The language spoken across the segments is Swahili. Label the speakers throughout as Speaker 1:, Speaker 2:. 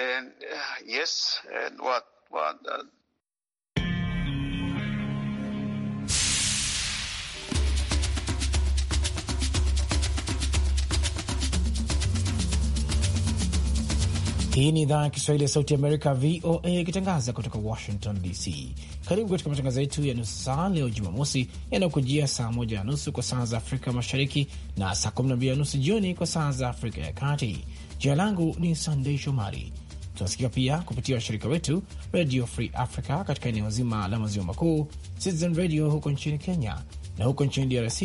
Speaker 1: And, uh, yes, and what, what, uh...
Speaker 2: Hii ni idhaa ya Kiswahili ya Sauti Amerika, VOA, ikitangaza kutoka Washington DC. Karibu katika matangazo yetu ya nusu saa leo Jumamosi, yanayokujia saa moja na nusu kwa saa za Afrika Mashariki na saa kumi na mbili na nusu jioni kwa saa za Afrika ya Kati. Jina langu ni Sandei Shomari Tunasikia pia kupitia washirika wetu Radio Free Africa katika eneo zima la maziwa makuu, Citizen Radio huko nchini Kenya, na huko nchini DRC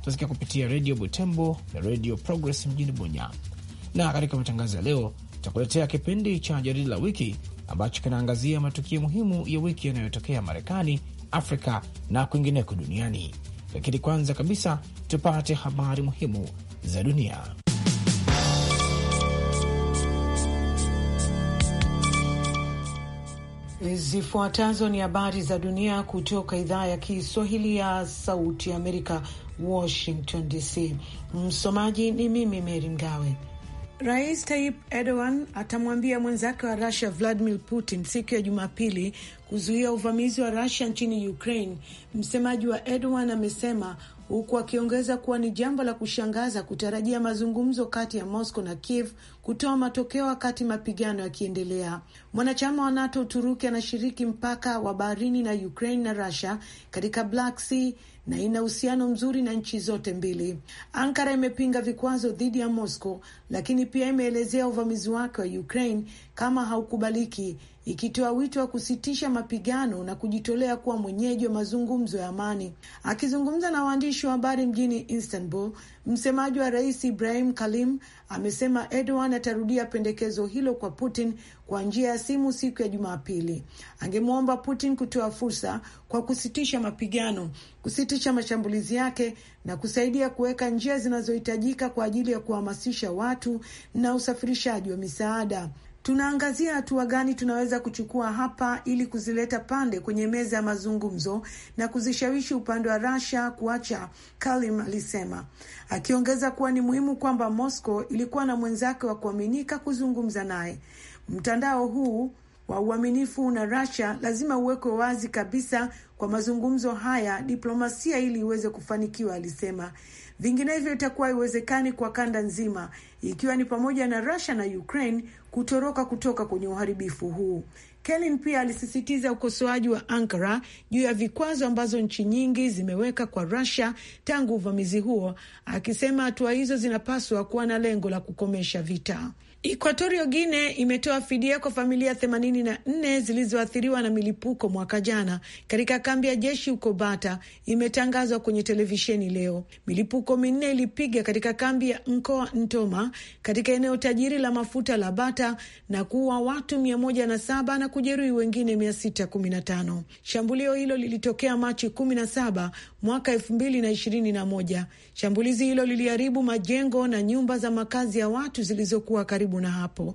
Speaker 2: tunasikia kupitia Radio Butembo na Radio Progress mjini Bunya. Na katika matangazo ya leo tutakuletea kipindi cha jarida la wiki ambacho kinaangazia matukio muhimu ya wiki yanayotokea Marekani, Afrika na kwingineko duniani. Lakini kwanza kabisa tupate habari muhimu
Speaker 3: za dunia. Zifuatazo ni habari za dunia kutoka idhaa ya Kiswahili ya Sauti ya Amerika, Washington DC. Msomaji ni mimi Meri Mgawe. Rais Tayyip Erdogan atamwambia mwenzake wa Rusia Vladimir Putin siku ya Jumapili kuzuia uvamizi wa Rusia nchini Ukraine. Msemaji wa Erdogan amesema huku akiongeza kuwa ni jambo la kushangaza kutarajia mazungumzo kati ya Moscow na Kiev kutoa matokeo wakati mapigano yakiendelea. Mwanachama wa NATO Uturuki anashiriki mpaka wa baharini na Ukraine na Russia katika Black Sea na ina uhusiano mzuri na nchi zote mbili. Ankara imepinga vikwazo dhidi ya Moscow, lakini pia imeelezea uvamizi wake wa Ukraine kama haukubaliki, ikitoa wito wa kusitisha mapigano na kujitolea kuwa mwenyeji wa mazungumzo ya amani. Akizungumza na waandishi wa habari mjini Istanbul, msemaji wa rais Ibrahim Kalim amesema Erdogan atarudia pendekezo hilo kwa Putin kwa njia ya simu siku ya Jumapili. Angemwomba Putin kutoa fursa kwa kusitisha mapigano, kusitisha mashambulizi yake na kusaidia kuweka njia zinazohitajika kwa ajili ya kuhamasisha watu na usafirishaji wa misaada. Tunaangazia hatua gani tunaweza kuchukua hapa ili kuzileta pande kwenye meza ya mazungumzo na kuzishawishi upande wa Russia kuacha, Kalim alisema, akiongeza kuwa ni muhimu kwamba Moscow ilikuwa na mwenzake wa kuaminika kuzungumza naye. Mtandao huu wa uaminifu na Russia lazima uwekwe wazi kabisa kwa mazungumzo haya diplomasia, ili iweze kufanikiwa, alisema. Vinginevyo itakuwa haiwezekani kwa kanda nzima, ikiwa ni pamoja na Russia na Ukraine kutoroka kutoka kwenye uharibifu huu. Kelin pia alisisitiza ukosoaji wa Ankara juu ya vikwazo ambazo nchi nyingi zimeweka kwa Russia tangu uvamizi huo, akisema hatua hizo zinapaswa kuwa na lengo la kukomesha vita. Equatorio Guine imetoa fidia kwa familia 84 zilizoathiriwa na milipuko mwaka jana katika kambi ya jeshi huko Bata, imetangazwa kwenye televisheni leo. Milipuko minne ilipiga katika kambi ya mkoa Ntoma katika eneo tajiri la mafuta la Bata na kuua watu 107 na, na kujeruhi wengine 615. Shambulio hilo lilitokea Machi 17 mwaka 2021. Shambulizi hilo liliharibu majengo na nyumba za makazi ya watu zilizokuwa karibu karibu na hapo.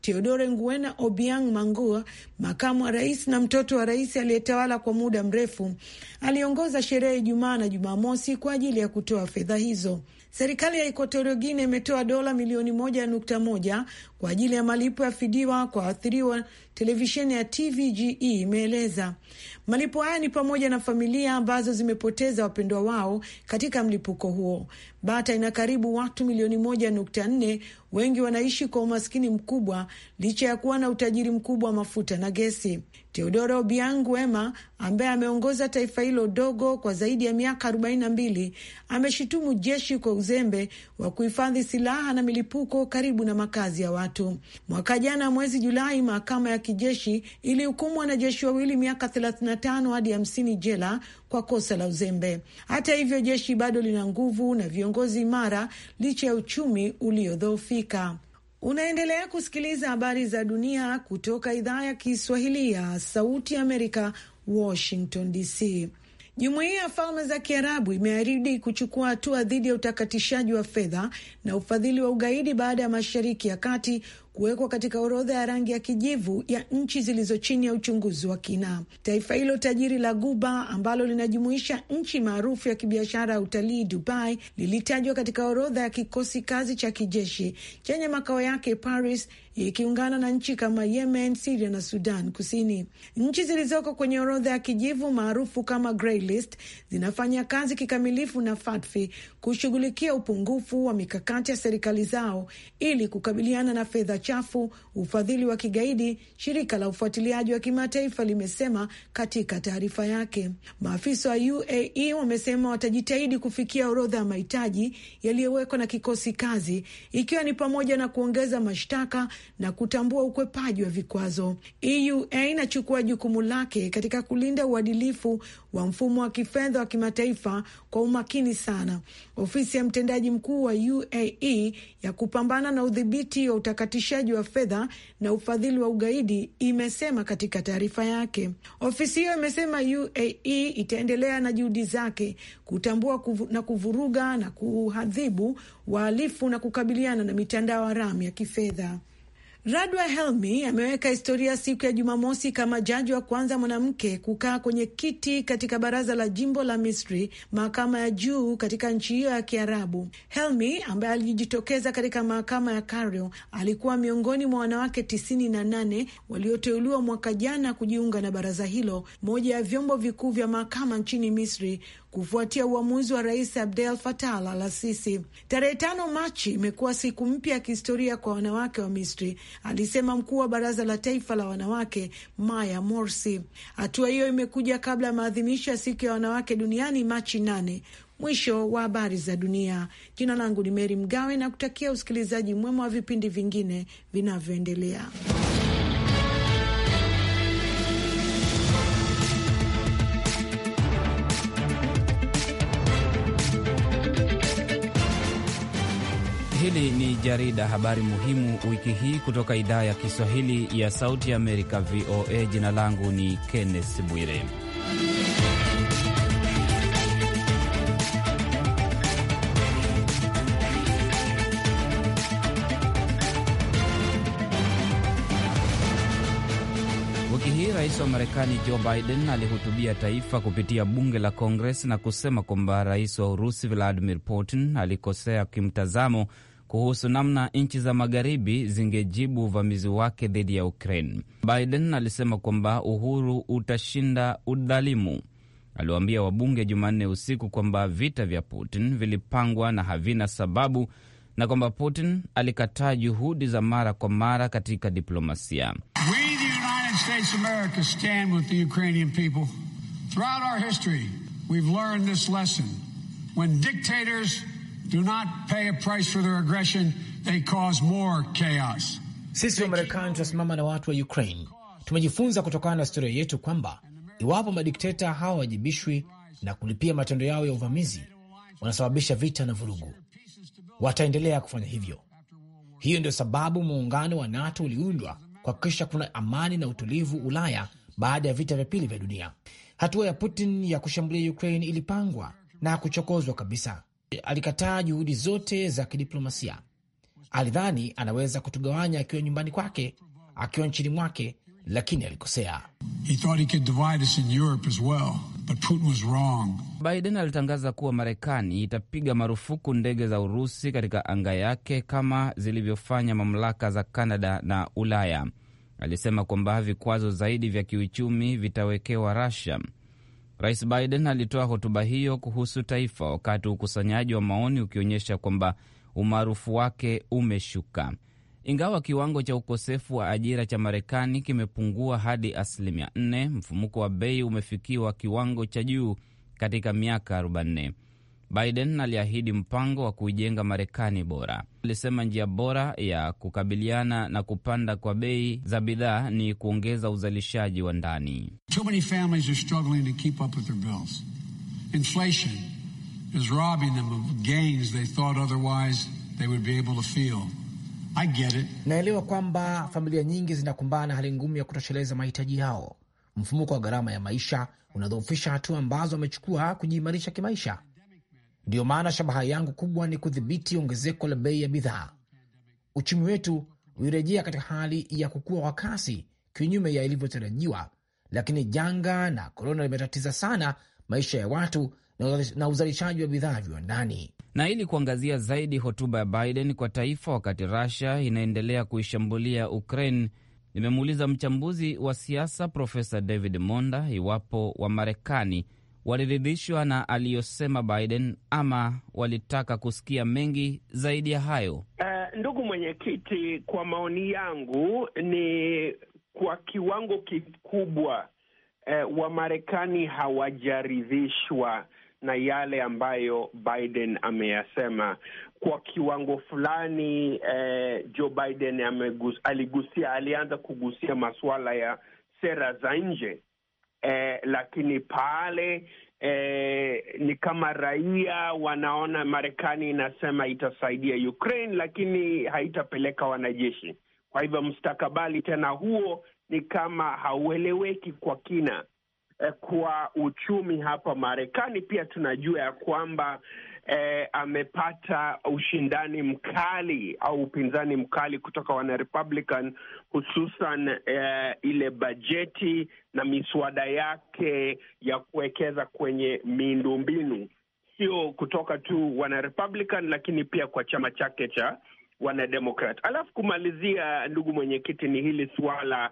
Speaker 3: Teodore Nguena Obiang Mangua, makamu wa rais na mtoto wa rais aliyetawala kwa muda mrefu, aliongoza sherehe Ijumaa na Jumamosi kwa ajili ya kutoa fedha hizo. Serikali ya Ekuatorio Guine imetoa dola milioni moja nukta moja kwa ajili ya malipo ya fidiwa kwa waathiriwa, televisheni ya TVGE imeeleza. Malipo haya ni pamoja na familia ambazo zimepoteza wapendwa wao katika mlipuko huo. Bata ina karibu watu milioni moja nukta nne wengi wanaishi kwa umaskini mkubwa licha ya kuwa na utajiri mkubwa wa mafuta na gesi. Teodoro Biang Wema ambaye ameongoza taifa hilo dogo kwa zaidi ya miaka 42 ameshutumu jeshi kwa uzembe wa kuhifadhi silaha na milipuko karibu na makazi ya watu. Mwaka jana mwezi Julai, mahakama ya kijeshi ilihukumu wanajeshi wawili miaka 35 hadi 50 jela kwa kosa la uzembe. Hata hivyo, jeshi bado lina nguvu na viongozi imara licha ya uchumi uliodhoofika. Unaendelea kusikiliza habari za dunia kutoka idhaa ya Kiswahili ya Sauti ya Amerika, Washington DC. Jumuiya ya Falme za Kiarabu imeahidi kuchukua hatua dhidi ya utakatishaji wa fedha na ufadhili wa ugaidi baada ya Mashariki ya Kati kuwekwa katika orodha ya rangi ya kijivu ya nchi zilizo chini ya uchunguzi wa kina. Taifa hilo tajiri la Guba ambalo linajumuisha nchi maarufu ya kibiashara ya utalii Dubai lilitajwa katika orodha ya kikosi kazi cha kijeshi chenye makao yake Paris ikiungana na nchi kama Yemen, Siria na Sudan Kusini. Nchi zilizoko kwenye orodha ya kijivu maarufu kama grey list zinafanya kazi kikamilifu na FATFI kushughulikia upungufu wa mikakati ya serikali zao ili kukabiliana na fedha chafu, ufadhili wa kigaidi, shirika la ufuatiliaji wa kimataifa limesema katika taarifa yake. Maafisa wa UAE wamesema watajitahidi kufikia orodha ya mahitaji yaliyowekwa na kikosi kazi, ikiwa ni pamoja na kuongeza mashtaka na kutambua ukwepaji wa vikwazo. EUA inachukua jukumu lake katika kulinda uadilifu wa mfumo wa kifedha wa kimataifa kwa umakini sana. Ofisi ya mtendaji mkuu wa UAE ya kupambana na udhibiti wa utakatishaji utakatishaji wa fedha na ufadhili wa ugaidi imesema katika taarifa yake. Ofisi hiyo imesema UAE itaendelea na juhudi zake kutambua kuvu, na kuvuruga na kuhadhibu wahalifu na kukabiliana na mitandao haramu ya kifedha. Radwa Helmi ameweka historia siku ya Jumamosi kama jaji wa kwanza mwanamke kukaa kwenye kiti katika baraza la jimbo la Misri, mahakama ya juu katika nchi hiyo ya Kiarabu. Helmi ambaye alijitokeza katika mahakama ya Cairo alikuwa miongoni mwa wanawake tisini na nane walioteuliwa mwaka jana kujiunga na baraza hilo, moja ya vyombo vikuu vya mahakama nchini Misri, kufuatia uamuzi wa rais Abdel Fattah al-Sisi. Tarehe tano Machi imekuwa siku mpya ya kihistoria kwa wanawake wa Misri, alisema mkuu wa baraza la taifa la wanawake Maya Morsi. Hatua hiyo imekuja kabla ya maadhimisho ya siku ya wanawake duniani Machi nane. Mwisho wa habari za dunia. Jina langu ni Meri Mgawe na kutakia usikilizaji mwema wa vipindi vingine vinavyoendelea.
Speaker 4: Hili ni jarida habari muhimu wiki hii kutoka idhaa ya Kiswahili ya Sauti Amerika, VOA. Jina langu ni Kenneth Bwire. Rais wa Marekani Joe Biden alihutubia taifa kupitia bunge la Kongres na kusema kwamba rais wa Urusi Vladimir Putin alikosea kimtazamo kuhusu namna nchi za magharibi zingejibu uvamizi wake dhidi ya Ukraine. Biden alisema kwamba uhuru utashinda udhalimu. Aliwaambia wabunge Jumanne usiku kwamba vita vya Putin vilipangwa na havina sababu na kwamba Putin alikataa juhudi za mara kwa mara katika diplomasia.
Speaker 1: We the United States of America stand with the Ukrainian people. Throughout our history, we've learned this lesson. When dictators Do not pay
Speaker 2: a price for their aggression. They cause more chaos. Sisi wa Marekani tunasimama na watu wa Ukraine. Tumejifunza kutokana na historia yetu kwamba iwapo madikteta hawawajibishwi na kulipia matendo yao ya uvamizi, wanasababisha vita na vurugu, wataendelea kufanya hivyo. Hiyo ndio sababu muungano wa NATO uliundwa kuhakikisha kuna amani na utulivu Ulaya baada ya vita vya pili vya dunia. Hatua ya Putin ya kushambulia Ukraine ilipangwa na kuchokozwa kabisa. Alikataa juhudi zote za kidiplomasia. Alidhani anaweza kutugawanya akiwa nyumbani kwake, akiwa nchini mwake, lakini alikosea.
Speaker 4: Biden alitangaza kuwa Marekani itapiga marufuku ndege za Urusi katika anga yake kama zilivyofanya mamlaka za Kanada na Ulaya. Alisema kwamba vikwazo zaidi vya kiuchumi vitawekewa Russia Rais Biden alitoa hotuba hiyo kuhusu taifa wakati ukusanyaji wa maoni ukionyesha kwamba umaarufu wake umeshuka. Ingawa kiwango cha ukosefu wa ajira cha Marekani kimepungua hadi asilimia 4, mfumuko wa bei umefikiwa kiwango cha juu katika miaka 40. Biden aliahidi mpango wa kuijenga Marekani bora. Alisema njia bora ya kukabiliana na kupanda kwa bei za bidhaa ni kuongeza uzalishaji wa ndani.
Speaker 2: Naelewa kwamba familia nyingi zinakumbana hali ngumu ya kutosheleza mahitaji yao. Mfumuko wa gharama ya maisha unadhoofisha hatua ambazo wamechukua kujiimarisha kimaisha Ndiyo maana shabaha yangu kubwa ni kudhibiti ongezeko la bei ya bidhaa. Uchumi wetu ulirejea katika hali ya kukua kwa kasi kinyume ya ilivyotarajiwa, lakini janga na korona limetatiza sana maisha ya watu na uzalishaji wa bidhaa viwandani.
Speaker 4: Na ili kuangazia zaidi hotuba ya Biden kwa taifa wakati Russia inaendelea kuishambulia Ukraine, nimemuuliza mchambuzi wa siasa Profesa David Monda iwapo wa marekani waliridhishwa na aliyosema Biden ama walitaka kusikia mengi zaidi ya hayo?
Speaker 5: Uh, ndugu mwenyekiti, kwa maoni yangu ni kwa kiwango kikubwa uh, eh, Wamarekani hawajaridhishwa na yale ambayo Biden ameyasema. Kwa kiwango fulani eh, Joe Biden amegus, aligusia alianza kugusia masuala ya sera za nje eh, lakini pale eh, ni kama raia wanaona Marekani inasema itasaidia Ukraine, lakini haitapeleka wanajeshi. Kwa hivyo mustakabali tena huo ni kama haueleweki kwa kina. Eh, kwa uchumi hapa Marekani pia tunajua ya kwamba eh, amepata ushindani mkali au upinzani mkali kutoka wana Republican hususan eh, ile bajeti na miswada yake ya kuwekeza kwenye miundombinu, sio kutoka tu wana Republican, lakini pia kwa chama chake cha wanademokrat. Alafu kumalizia, ndugu mwenyekiti, ni hili suala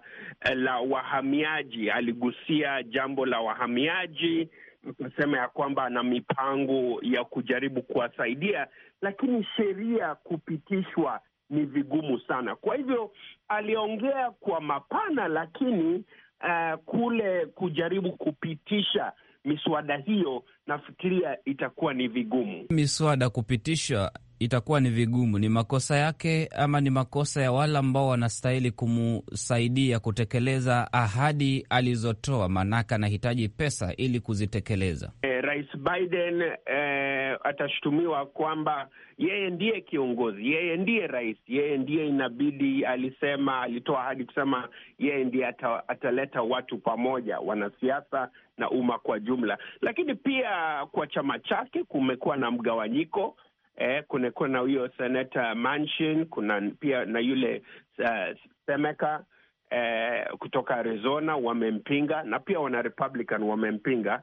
Speaker 5: eh, la wahamiaji. Aligusia jambo la wahamiaji tuseme ya kwamba ana mipango ya kujaribu kuwasaidia, lakini sheria kupitishwa ni vigumu sana. Kwa hivyo aliongea kwa mapana, lakini uh, kule kujaribu kupitisha miswada hiyo nafikiria itakuwa ni vigumu
Speaker 4: miswada kupitishwa itakuwa ni vigumu. Ni makosa yake ama ni makosa ya wale ambao wanastahili kumsaidia kutekeleza ahadi alizotoa? Maanake anahitaji pesa ili kuzitekeleza.
Speaker 5: Eh, Rais Biden eh, atashutumiwa kwamba yeye ndiye kiongozi, yeye ndiye rais, yeye ndiye inabidi, alisema, alitoa ahadi kusema yeye ndiye ata, ataleta watu pamoja, wanasiasa na umma kwa jumla. Lakini pia kwa chama chake kumekuwa na mgawanyiko eh, kunakuwa na huyo senata Manchin, kuna pia na yule uh, Semeka eh, kutoka Arizona wamempinga, na pia wana Republican wamempinga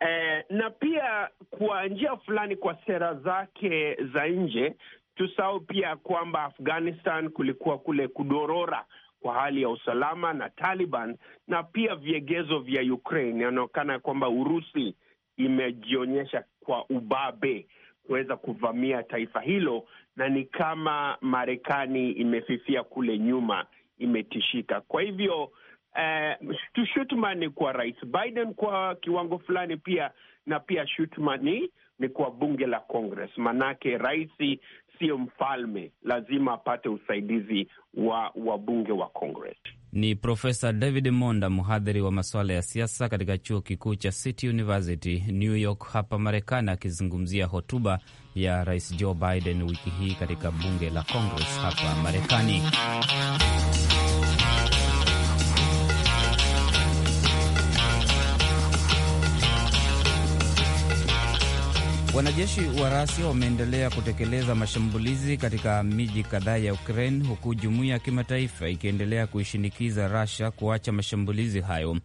Speaker 5: eh, na pia kwa njia fulani kwa sera zake za nje tusahau pia kwamba Afghanistan kulikuwa kule kudorora kwa hali ya usalama na Taliban na pia viegezo vya Ukraine. Inaonekana kwamba Urusi imejionyesha kwa ubabe kuweza kuvamia taifa hilo, na ni kama Marekani imefifia kule nyuma, imetishika. Kwa hivyo eh, uh, shutuma ni kwa Rais Biden kwa kiwango fulani pia, na pia shutuma ni ni kwa bunge la Congress, manake rais sio mfalme, lazima apate usaidizi wa wabunge wa Congress
Speaker 4: ni Profesa David Monda, mhadhiri wa masuala ya siasa katika chuo kikuu cha City University New York hapa Marekani, akizungumzia hotuba ya Rais Joe Biden wiki hii katika bunge la Congress hapa Marekani. Wanajeshi wa Rasia wameendelea kutekeleza mashambulizi katika miji kadhaa ya Ukraine, huku jumuiya ya kimataifa ikiendelea kuishinikiza Rasia kuacha mashambulizi hayo.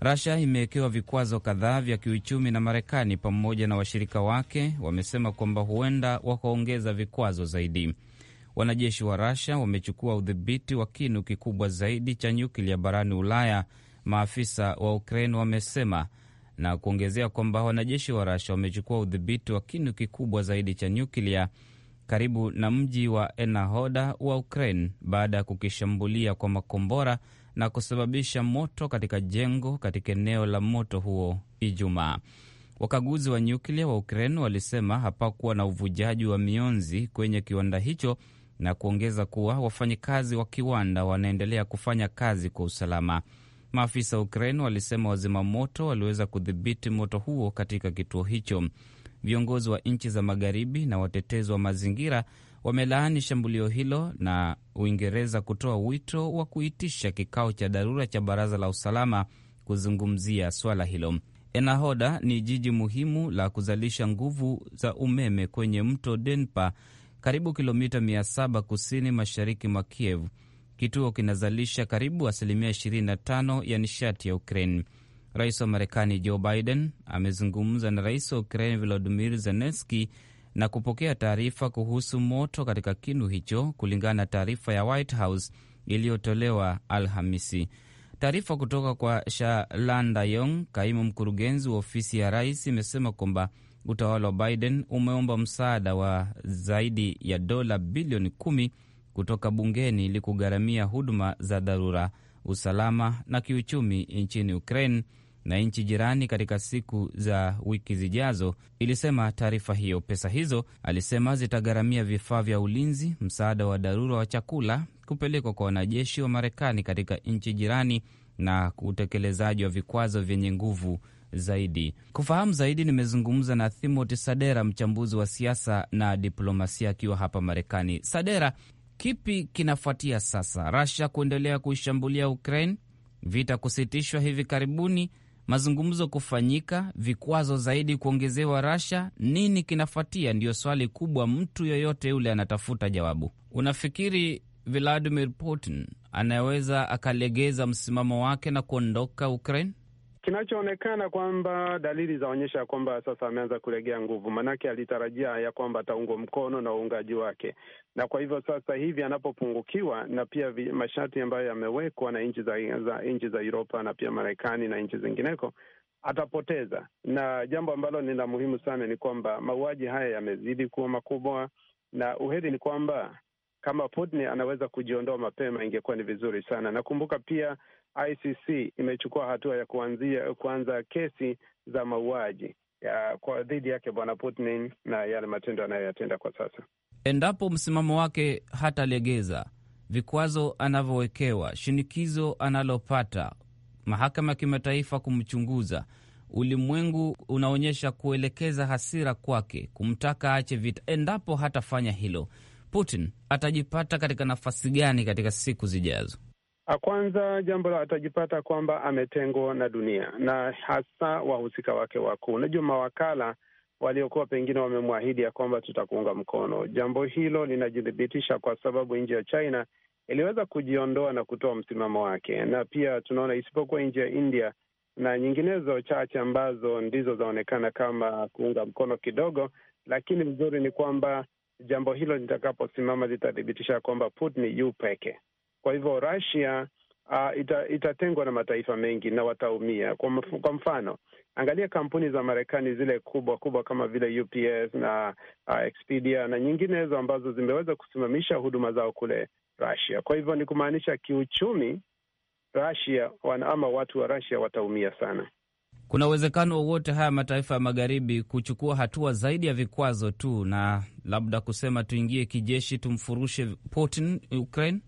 Speaker 4: Rasia imewekewa vikwazo kadhaa vya kiuchumi na Marekani pamoja na washirika wake wamesema kwamba huenda wakaongeza vikwazo zaidi. Wanajeshi wa Rasia wamechukua udhibiti wa kinu kikubwa zaidi cha nyuklia barani Ulaya, maafisa wa Ukraine wamesema na kuongezea kwamba wanajeshi wa Rasha wamechukua udhibiti wa kinu kikubwa zaidi cha nyuklia karibu na mji wa Enahoda wa Ukraine baada ya kukishambulia kwa makombora na kusababisha moto katika jengo katika eneo la moto huo Ijumaa. Wakaguzi wa nyuklia wa Ukraine walisema hapakuwa na uvujaji wa mionzi kwenye kiwanda hicho na kuongeza kuwa wafanyakazi wa kiwanda wanaendelea kufanya kazi kwa usalama. Maafisa wa Ukraine walisema wazima moto waliweza kudhibiti moto huo katika kituo hicho. Viongozi wa nchi za magharibi na watetezi wa mazingira wamelaani shambulio hilo na Uingereza kutoa wito wa kuitisha kikao cha dharura cha baraza la usalama kuzungumzia swala hilo. Enahoda ni jiji muhimu la kuzalisha nguvu za umeme kwenye mto Denpa, karibu kilomita 700 kusini mashariki mwa Kiev Kituo kinazalisha karibu asilimia 25 ya nishati ya Ukraine. Rais wa Marekani Joe Biden amezungumza na rais wa Ukraine Volodimir Zelenski na kupokea taarifa kuhusu moto katika kinu hicho, kulingana na taarifa ya White House iliyotolewa Alhamisi. Taarifa kutoka kwa Shalanda Yong, kaimu mkurugenzi wa ofisi ya rais, imesema kwamba utawala wa Biden umeomba msaada wa zaidi ya dola bilioni kumi kutoka bungeni ili kugharamia huduma za dharura, usalama na kiuchumi nchini Ukraine na nchi jirani katika siku za wiki zijazo, ilisema taarifa hiyo. Pesa hizo, alisema, zitagharamia vifaa vya ulinzi, msaada wa dharura wa chakula, kupelekwa kwa wanajeshi wa Marekani katika nchi jirani na utekelezaji wa vikwazo vyenye nguvu zaidi. Kufahamu zaidi, nimezungumza na Timothy Sadera, mchambuzi wa siasa na diplomasia, akiwa hapa Marekani. Sadera, Kipi kinafuatia sasa? Russia kuendelea kuishambulia Ukraine, vita kusitishwa hivi karibuni, mazungumzo kufanyika, vikwazo zaidi kuongezewa rasha Nini kinafuatia? Ndiyo swali kubwa, mtu yoyote yule anatafuta jawabu. Unafikiri Vladimir Putin anaweza akalegeza msimamo wake na kuondoka Ukraine?
Speaker 1: Kinachoonekana kwamba dalili zaonyesha kwamba sasa ameanza kulegea nguvu, maanake alitarajia ya kwamba ataungwa mkono na uungaji wake, na kwa hivyo sasa hivi anapopungukiwa na pia masharti ambayo yamewekwa na nchi za, za nchi za Uropa na pia Marekani na nchi zingineko atapoteza. Na jambo ambalo ni la muhimu sana ni kwamba mauaji haya yamezidi kuwa makubwa, na uheri ni kwamba kama Putin anaweza kujiondoa mapema ingekuwa ni vizuri sana. Nakumbuka pia ICC imechukua hatua ya kuanzia kuanza kesi za mauaji ya, kwa dhidi yake Bwana Putin na yale matendo anayoyatenda kwa sasa.
Speaker 4: Endapo msimamo wake hatalegeza vikwazo anavyowekewa, shinikizo analopata, mahakama ya kimataifa kumchunguza, ulimwengu unaonyesha kuelekeza hasira kwake, kumtaka aache vita. Endapo hatafanya hilo, Putin atajipata katika nafasi gani katika siku zijazo?
Speaker 5: Ah, kwanza
Speaker 1: jambo atajipata kwamba ametengwa na dunia na hasa wahusika wake wakuu. Unajua, mawakala waliokuwa pengine wamemwahidi ya kwamba tutakuunga mkono, jambo hilo linajithibitisha kwa sababu nchi ya China iliweza kujiondoa na kutoa msimamo wake, na pia tunaona isipokuwa nchi ya India na nyinginezo chache ambazo ndizo zaonekana kama kuunga mkono kidogo, lakini vizuri ni kwamba jambo hilo litakaposimama litathibitisha kwamba Putin yu peke kwa hivyo Russia uh, ita, itatengwa na mataifa mengi na wataumia. Kwa, mf, kwa mfano angalia kampuni za Marekani zile kubwa kubwa kama vile UPS na uh, Expedia na nyinginezo ambazo zimeweza kusimamisha huduma zao kule Russia. Kwa hivyo ni kumaanisha kiuchumi Russia ama watu wa Russia wataumia sana.
Speaker 4: Kuna uwezekano wowote haya mataifa ya magharibi kuchukua hatua zaidi ya vikwazo tu na labda kusema tuingie kijeshi tumfurushe Putin Ukraine?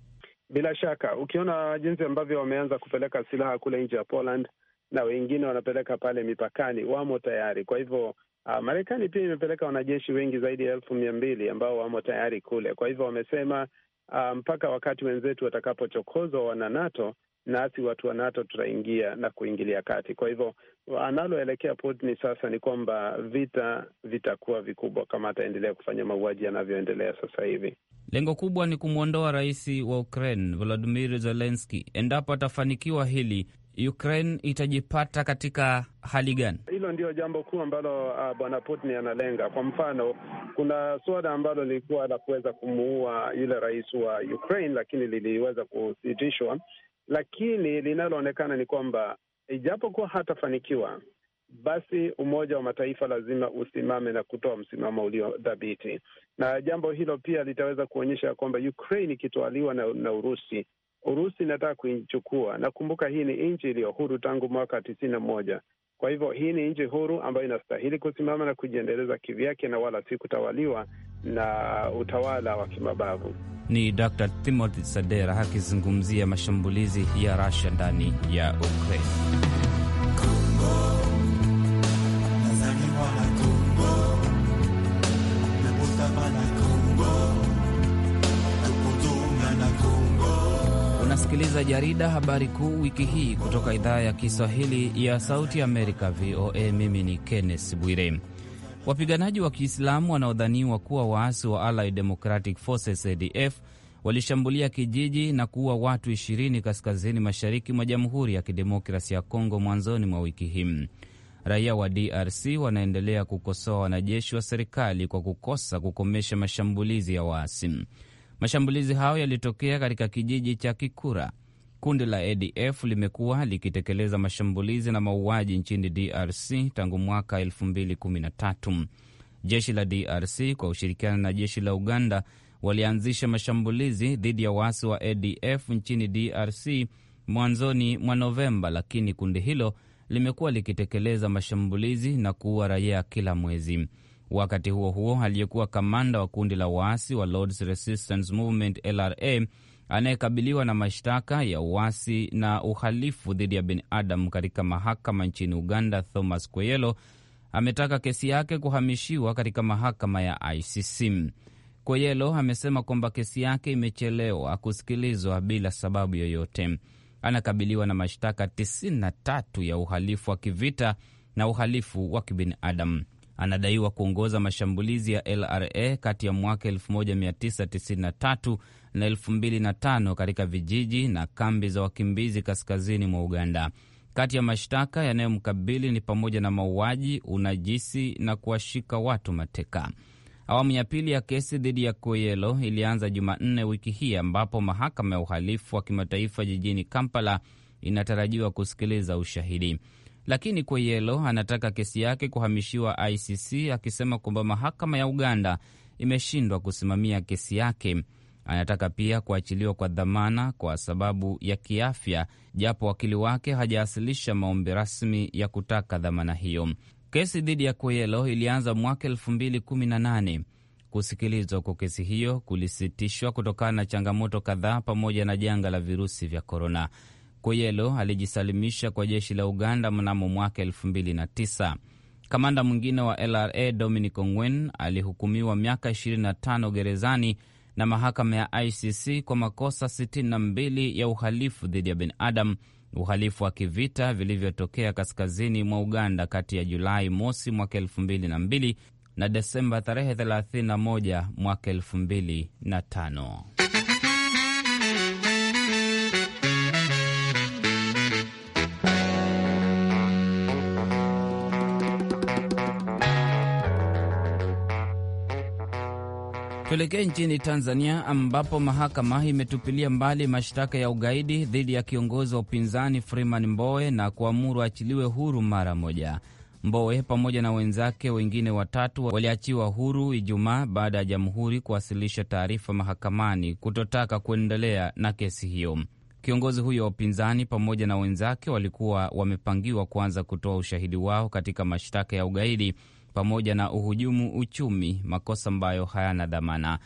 Speaker 1: Bila shaka ukiona jinsi ambavyo wameanza kupeleka silaha kule nje ya Poland na wengine wanapeleka pale mipakani, wamo tayari. Kwa hivyo uh, Marekani pia imepeleka wanajeshi wengi zaidi ya elfu mia mbili ambao wamo tayari kule. Kwa hivyo wamesema uh, mpaka wakati wenzetu watakapochokozwa wana NATO nasi watu wa NATO tutaingia na kuingilia kati. Kwa hivyo analoelekea Putin sasa ni kwamba vita vitakuwa vikubwa kama ataendelea kufanya mauaji yanavyoendelea
Speaker 4: sasa hivi. Lengo kubwa ni kumwondoa rais wa Ukraine volodimir zelenski Endapo atafanikiwa hili, Ukraine itajipata katika hali gani?
Speaker 1: Hilo ndio jambo kuu ambalo uh, bwana Putin analenga. Kwa mfano, kuna suala ambalo lilikuwa la kuweza kumuua yule rais wa Ukraine, lakini liliweza kusitishwa lakini linaloonekana ni kwamba ijapokuwa hatafanikiwa, basi Umoja wa Mataifa lazima usimame na kutoa msimamo ulio dhabiti, na jambo hilo pia litaweza kuonyesha kwamba Ukraine ikitwaliwa na, na Urusi Urusi inataka kuichukua. Nakumbuka hii ni nchi iliyo huru tangu mwaka tisini na moja. Kwa hivyo hii ni nchi huru ambayo inastahili kusimama na kujiendeleza kivyake na wala si kutawaliwa na utawala
Speaker 4: wa kimabavu. Ni Dr. Timothy Sadera akizungumzia mashambulizi ya Russia ndani ya Ukraine. unasikiliza jarida habari kuu wiki hii kutoka idhaa ya Kiswahili ya Sauti Amerika, VOA. Mimi ni Kenneth Bwire. Wapiganaji wa Kiislamu wanaodhaniwa kuwa waasi wa Allied Democratic Forces ADF walishambulia kijiji na kuua watu 20 kaskazini mashariki mwa Jamhuri ya kidemokrasi ya Kongo mwanzoni mwa wiki hii. Raia wa DRC wanaendelea kukosoa wanajeshi wa serikali kwa kukosa kukomesha mashambulizi ya waasi. Mashambulizi hayo yalitokea katika kijiji cha Kikura. Kundi la ADF limekuwa likitekeleza mashambulizi na mauaji nchini DRC tangu mwaka 2013. Jeshi la DRC kwa ushirikiano na jeshi la Uganda walianzisha mashambulizi dhidi ya waasi wa ADF nchini DRC mwanzoni mwa Novemba, lakini kundi hilo limekuwa likitekeleza mashambulizi na kuua raia kila mwezi. Wakati huo huo, aliyekuwa kamanda wa kundi la waasi wa Lords Resistance Movement LRA anayekabiliwa na mashtaka ya uasi na uhalifu dhidi ya binadamu katika mahakama nchini Uganda, Thomas Kweyelo ametaka kesi yake kuhamishiwa katika mahakama ya ICC. Kweyelo amesema kwamba kesi yake imechelewa kusikilizwa bila sababu yoyote. Anakabiliwa na mashtaka 93 ya uhalifu wa kivita na uhalifu wa kibinadamu anadaiwa kuongoza mashambulizi ya LRA kati ya mwaka 1993 na 2005 katika vijiji na kambi za wakimbizi kaskazini mwa Uganda. Kati ya mashtaka yanayomkabili ni pamoja na mauaji, unajisi na kuwashika watu mateka. Awamu ya pili ya kesi dhidi ya Koyelo ilianza Jumanne wiki hii ambapo mahakama ya uhalifu wa kimataifa jijini Kampala inatarajiwa kusikiliza ushahidi lakini Kweyelo anataka kesi yake kuhamishiwa ICC akisema kwamba mahakama ya Uganda imeshindwa kusimamia kesi yake. Anataka pia kuachiliwa kwa dhamana kwa sababu ya kiafya, japo wakili wake hajawasilisha maombi rasmi ya kutaka dhamana hiyo. Kesi dhidi ya Kweyelo ilianza mwaka elfu mbili kumi na nane. Kusikilizwa kwa kesi hiyo kulisitishwa kutokana na changamoto kadhaa pamoja na janga la virusi vya korona. Okoyelo alijisalimisha kwa jeshi la Uganda mnamo mwaka 2009. Kamanda mwingine wa LRA Dominic Ongwen alihukumiwa miaka 25 gerezani na mahakama ya ICC kwa makosa 62 ya uhalifu dhidi ya binadamu, uhalifu wa kivita vilivyotokea kaskazini mwa Uganda kati ya Julai mosi mwaka 2002 na Desemba tarehe 31 mwaka 2005. Tuelekee nchini Tanzania ambapo mahakama imetupilia mbali mashtaka ya ugaidi dhidi ya kiongozi wa upinzani Freeman Mbowe na kuamuru achiliwe huru mara moja. Mbowe pamoja na wenzake wengine watatu waliachiwa huru Ijumaa baada ya jamhuri kuwasilisha taarifa mahakamani kutotaka kuendelea na kesi hiyo. Kiongozi huyo wa upinzani pamoja na wenzake walikuwa wamepangiwa kuanza kutoa ushahidi wao katika mashtaka ya ugaidi pamoja na uhujumu uchumi, makosa ambayo hayana dhamana.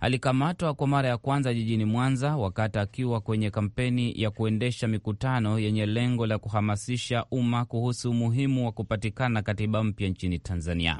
Speaker 4: Alikamatwa kwa mara ya kwanza jijini Mwanza wakati akiwa kwenye kampeni ya kuendesha mikutano yenye lengo la kuhamasisha umma kuhusu umuhimu wa kupatikana katiba mpya nchini Tanzania.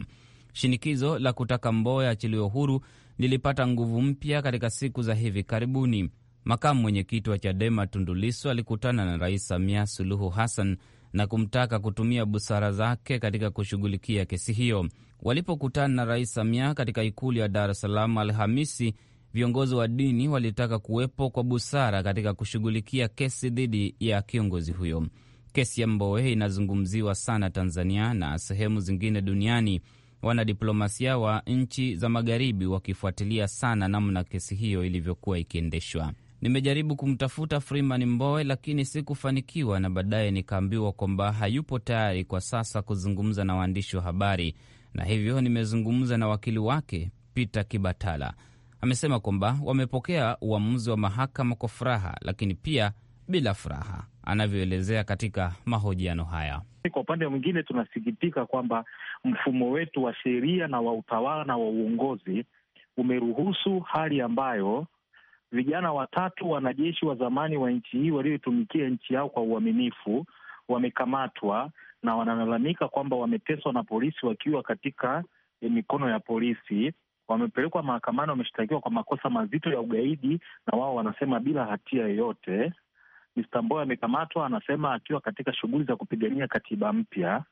Speaker 4: Shinikizo la kutaka mboya achiliwe huru lilipata nguvu mpya katika siku za hivi karibuni. Makamu mwenyekiti wa CHADEMA Tundu Lissu alikutana na Rais Samia Suluhu Hassan na kumtaka kutumia busara zake katika kushughulikia kesi hiyo. Walipokutana na Rais Samia katika ikulu ya Dar es Salaam Alhamisi, viongozi wa dini walitaka kuwepo kwa busara katika kushughulikia kesi dhidi ya kiongozi huyo. Kesi ya Mbowe inazungumziwa sana Tanzania na sehemu zingine duniani, wanadiplomasia wa nchi za magharibi wakifuatilia sana namna kesi hiyo ilivyokuwa ikiendeshwa. Nimejaribu kumtafuta Freeman Mbowe lakini sikufanikiwa, na baadaye nikaambiwa kwamba hayupo tayari kwa sasa kuzungumza na waandishi wa habari, na hivyo nimezungumza na wakili wake Peter Kibatala. Amesema kwamba wamepokea uamuzi wa mahakama kwa furaha, lakini pia bila furaha, anavyoelezea katika mahojiano haya.
Speaker 6: Kwa upande mwingine, tunasikitika kwamba mfumo wetu wa sheria na wa utawala na wa uongozi umeruhusu hali ambayo vijana watatu wanajeshi wa zamani wa nchi hii walioitumikia nchi yao kwa uaminifu wamekamatwa na wanalalamika kwamba wameteswa na polisi wakiwa katika eh, mikono ya polisi. Wamepelekwa mahakamani, wameshtakiwa kwa makosa mazito ya ugaidi, na wao wanasema bila hatia yoyote. mbo amekamatwa, anasema akiwa katika shughuli za kupigania katiba mpya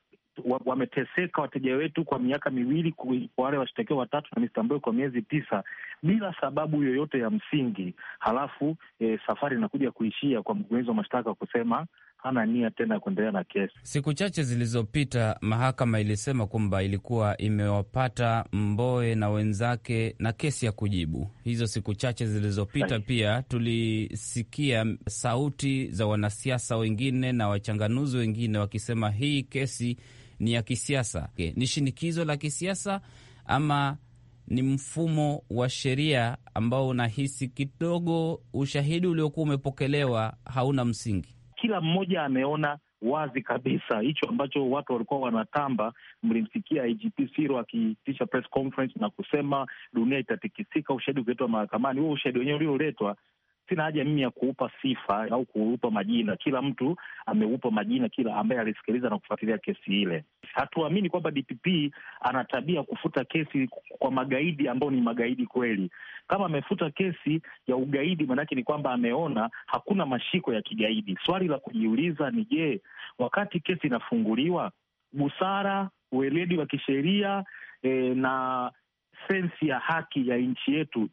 Speaker 6: wameteseka wateja wetu kwa miaka miwili, kwa wale washtakiwa watatu na Mr. kwa miezi tisa bila sababu yoyote ya msingi, halafu e, safari inakuja kuishia kwa mkurugenzi wa mashtaka kusema hana nia tena ya kuendelea na kesi.
Speaker 4: Siku chache zilizopita, mahakama ilisema kwamba ilikuwa imewapata Mboe na wenzake na kesi ya kujibu. Hizo siku chache zilizopita pia tulisikia sauti za wanasiasa wengine na wachanganuzi wengine wakisema hii kesi ni ya kisiasa? Okay, ni shinikizo la kisiasa ama ni mfumo wa sheria ambao unahisi kidogo ushahidi uliokuwa umepokelewa hauna msingi?
Speaker 6: Kila mmoja ameona wazi kabisa hicho ambacho watu walikuwa wanatamba. Mlimsikia IGP Siro akiitisha press conference na kusema dunia itatikisika, ushahidi ukiletwa mahakamani. Huo ushahidi wenyewe ulioletwa sina haja mimi ya kuupa sifa au kuupa majina. Kila mtu ameupa majina, kila ambaye alisikiliza na kufuatilia kesi ile. Hatuamini kwamba DPP ana tabia kufuta kesi kwa magaidi ambao ni magaidi kweli. Kama amefuta kesi ya ugaidi, maanake ni kwamba ameona hakuna mashiko ya kigaidi. Swali la kujiuliza ni je, wakati kesi inafunguliwa, busara, ueledi wa kisheria e, na sensi ya haki ya nchi yetu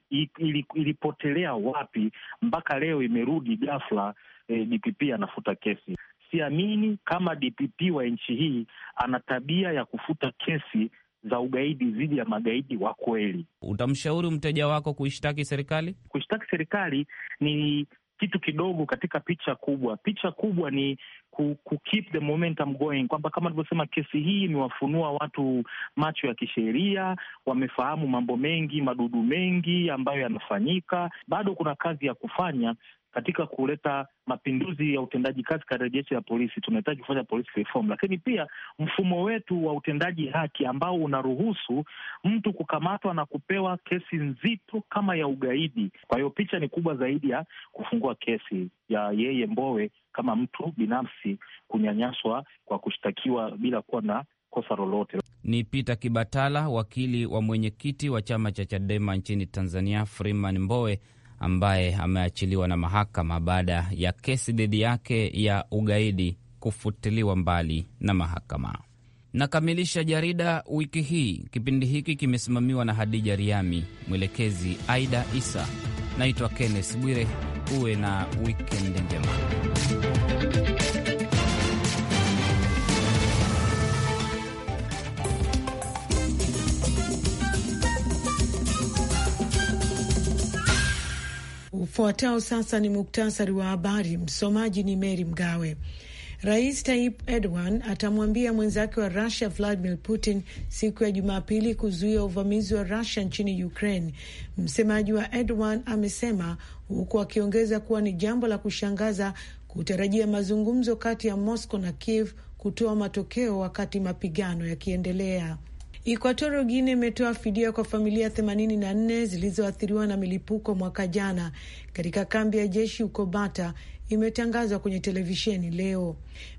Speaker 6: ilipotelea wapi mpaka leo imerudi ghafla. E, eh, DPP
Speaker 4: anafuta kesi.
Speaker 6: Siamini kama DPP wa nchi hii ana tabia ya kufuta kesi za ugaidi dhidi ya magaidi wa kweli.
Speaker 4: Utamshauri mteja wako kuishtaki serikali? Kuishtaki serikali ni kitu kidogo katika picha kubwa. Picha
Speaker 6: kubwa ni ku, ku keep the momentum going, kwamba kama alivyosema, kesi hii imewafunua watu macho ya kisheria, wamefahamu mambo mengi, madudu mengi ambayo yanafanyika. Bado kuna kazi ya kufanya, katika kuleta mapinduzi ya utendaji kazi katika jeshi la polisi. Tunahitaji kufanya police reform, lakini pia mfumo wetu wa utendaji haki ambao unaruhusu mtu kukamatwa na kupewa kesi nzito kama ya ugaidi. Kwa hiyo picha ni kubwa zaidi ya kufungua kesi ya yeye Mbowe kama mtu binafsi kunyanyaswa kwa kushtakiwa bila kuwa na kosa lolote.
Speaker 4: Ni Peter Kibatala, wakili wa mwenyekiti wa chama cha Chadema nchini Tanzania, Freeman Mbowe ambaye ameachiliwa na mahakama baada ya kesi dhidi yake ya ugaidi kufutiliwa mbali na mahakama. Nakamilisha jarida wiki hii. Kipindi hiki kimesimamiwa na Hadija Riami, mwelekezi Aida Isa. Naitwa Kenneth Bwire, uwe na wikendi njema.
Speaker 3: Ufuatao sasa ni muktasari wa habari. Msomaji ni Meri Mgawe. Rais Tayyip Erdogan atamwambia mwenzake wa Rusia Vladimir Putin siku ya Jumapili kuzuia uvamizi wa Rusia nchini Ukraine, msemaji wa Erdogan amesema, huku akiongeza kuwa ni jambo la kushangaza kutarajia mazungumzo kati ya Moscow na Kiev kutoa matokeo wakati mapigano yakiendelea. Equatorial Guinea imetoa fidia kwa familia 84 zilizoathiriwa na milipuko mwaka jana katika kambi ya jeshi huko Bata, imetangazwa kwenye televisheni leo.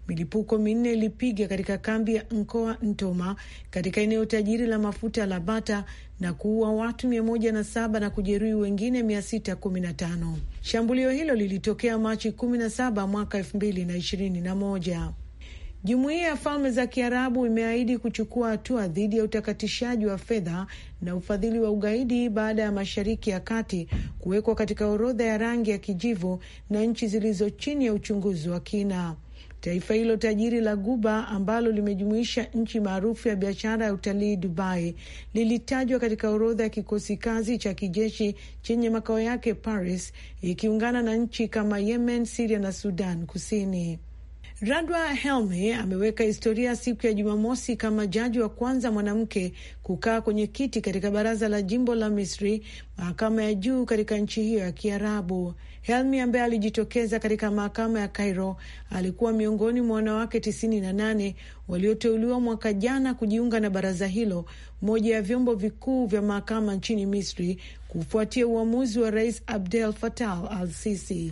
Speaker 3: Milipuko minne ilipiga katika kambi ya Nkoa Ntoma katika eneo tajiri la mafuta la Bata na kuua watu mia na saba na kujeruhi wengine mia sita Shambulio hilo lilitokea Machi kumi mwaka elfu na Jumuiya ya Falme za Kiarabu imeahidi kuchukua hatua dhidi ya utakatishaji wa fedha na ufadhili wa ugaidi baada ya Mashariki ya Kati kuwekwa katika orodha ya rangi ya kijivu na nchi zilizo chini ya uchunguzi wa kina. Taifa hilo tajiri la Guba ambalo limejumuisha nchi maarufu ya biashara ya utalii Dubai lilitajwa katika orodha ya kikosi kazi cha kijeshi chenye makao yake Paris, ikiungana na nchi kama Yemen, Siria na Sudan Kusini. Radwa Helme ameweka historia siku ya Jumamosi kama jaji wa kwanza mwanamke kukaa kwenye kiti katika baraza la jimbo la Misri, mahakama ya juu katika nchi hiyo ya Kiarabu. Helmi ambaye alijitokeza katika mahakama ya Cairo alikuwa miongoni mwa wanawake 98 walioteuliwa mwaka jana kujiunga na baraza hilo, moja ya vyombo vikuu vya mahakama nchini Misri, kufuatia uamuzi wa rais Abdel Fattah al-Sisi.